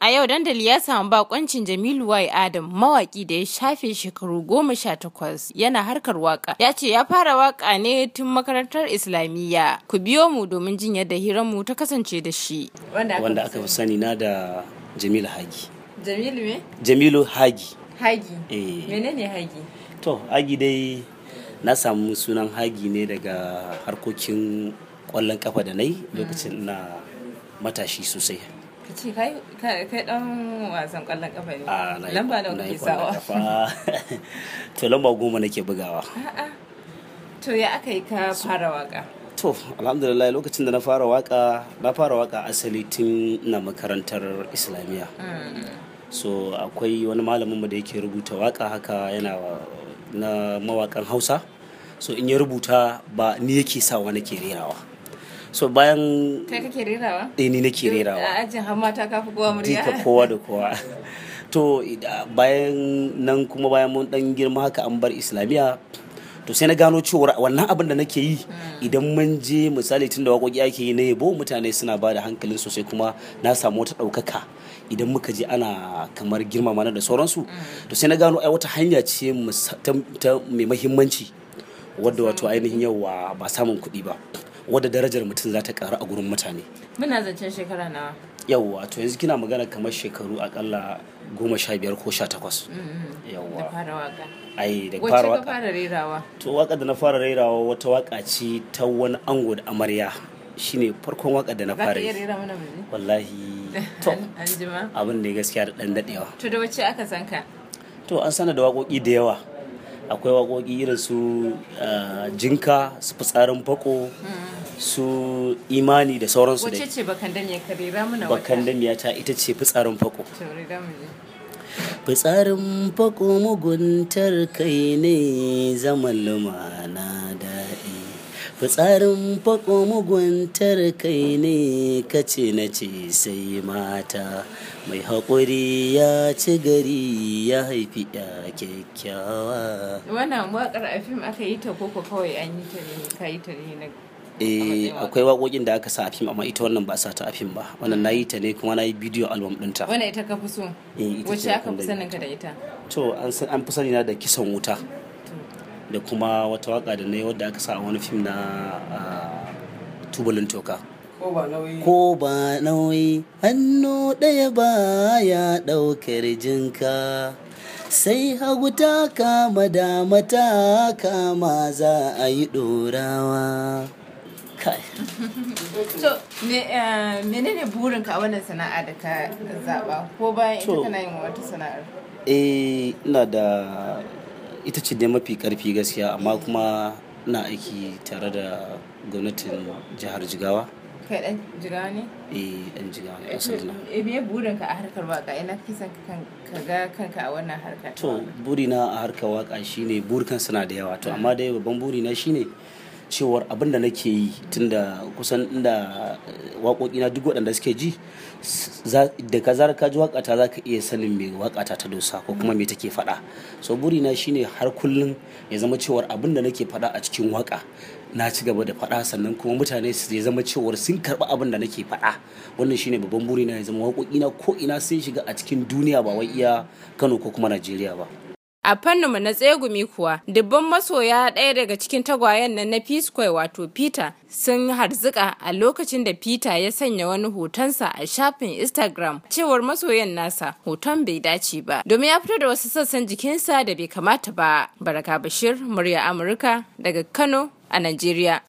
A yau dandali ya samu bakoncin Jamilu Y. Adam mawaki da ya shafe shekaru goma sha takwas yana harkar waka. Ya ce ya fara waka ne tun makarantar Islamiyya. Ku biyo mu domin jin yadda mu ta kasance da shi. Wanda aka fi sani na da Jamilu Hagi. Jamilu me? Jamilu Hagi. Hagi. Eh. Menene Hagi? To, Hagi dai na samu sunan Hagi ne daga harkokin kwallon kafa da nai lokacin mm. na matashi sosai. ka ce kai dan wasan kwallon kafa ne lamba nawa kake sawa to lamba goma nake bugawa to ya aka yi ka fara waka to alhamdulillah lokacin da na fara waka na fara waka asali tun na makarantar islamiyya mm. so akwai wani malamin da yake rubuta waka haka yana na mawakan hausa so in ya rubuta ba ni yake sawa nake rerawa so bayan kai kake rerawa eh ni nake rerawa a ajin har mata ka fi kowa murya kowa da kowa to bayan nan kuma bayan mun dan girma haka an bar islamiya to sai na gano cewa wannan abin da nake yi hmm. idan mun je misali tun da waƙoƙi ake yi na yabo mutane suna ba da hankalin sosai kuma na samu wata ɗaukaka idan muka je ana kamar girma mana da sauransu hmm. to sai na gano ai wata hanya ce ta mai mahimmanci wadda wato ainihin yau ba samun kuɗi ba wadda darajar mutum za ta karu a gurin mutane muna zancen shekara nawa yawwa to yanzu kina magana kamar shekaru akalla goma sha biyar ko sha takwas yawwa mm, mm, mm. da fara waka ai da fara waka fara rairawa? to waka da na fara rairawa wata waka ce ta wani ango da amarya shine farkon waka da na fara yi wallahi to abin da gaskiya da ɗan dadewa to da wacce aka san ka to an sana da waƙoƙi da yawa akwai waƙoƙi irin su eh, jinka su fitsarin fako su imani da sauransu dai ce bakandamiya ka wata ta ita ce fitsarin fako fitsarin fako muguntar kai ne zaman lumana fitsarin fako muguntar kai ne kace na ce sai mata mai haƙuri ya ci gari ya haifi ya kyakkyawa wannan waƙar a fim aka yi ta koko kawai an yi ta ne ka yi ta ne na eh akwai waƙoƙin da aka sa a fim amma ita wannan ba sa ta a fim ba wannan na yi ta ne kuma na yi bidiyo album ɗinta wannan ita ka fi so eh, wacce aka fi sanin ka da ita to an fi sani na da kisan wuta da kuma wata waka da ne wadda aka sa a wani fim na tubalin toka ko ba nauyi hannu ɗaya baya ɗaukar jinka sai hagu ta kama dama ta kama za a yi ɗorawa kai mene eh, menene burin ka wannan sana'a da ka zaɓa ko bayan ita kana yin wata sana'ar eh ina da ita ce dai mafi karfi gaskiya amma kuma ina aiki tare da gwamnatin jihar jigawa kai dan jigawa ne? eh dan jira ne asali eh, eh me burinka a harkar waka ina kisan ka ga kanka a wannan harkar to burina a harkar waka shine burkan suna da yawa to ah. amma dai babban burina shine cewar abin da nake yi tunda kusan inda eh, waƙoƙina duk waɗanda suke ji da ka zara ka ji waƙata za ka iya sanin mai waƙata ta dosa ko kuma me take faɗa so burina shine har kullum ya zama cewa abin da nake faɗa a cikin waƙa na ci gaba da faɗa sannan kuma mutane su zai zama cewa sun karɓi abin da nake faɗa wannan shine babban burina ya zama na ko ina sun shiga a cikin duniya ba wai iya kano ko kuma najeriya ba A fanninmu na tsegumi kuwa, dubban masoya ɗaya daga cikin tagwayen nan na Peace wato Peter sun harzuka a lokacin da Peter ya sanya wani hotonsa a shafin Instagram cewar masoyan nasa hoton bai dace ba domin ya fito da wasu sassan jikinsa da bai kamata ba. Baraka Bashir, murya Amurka daga Kano a Najeriya.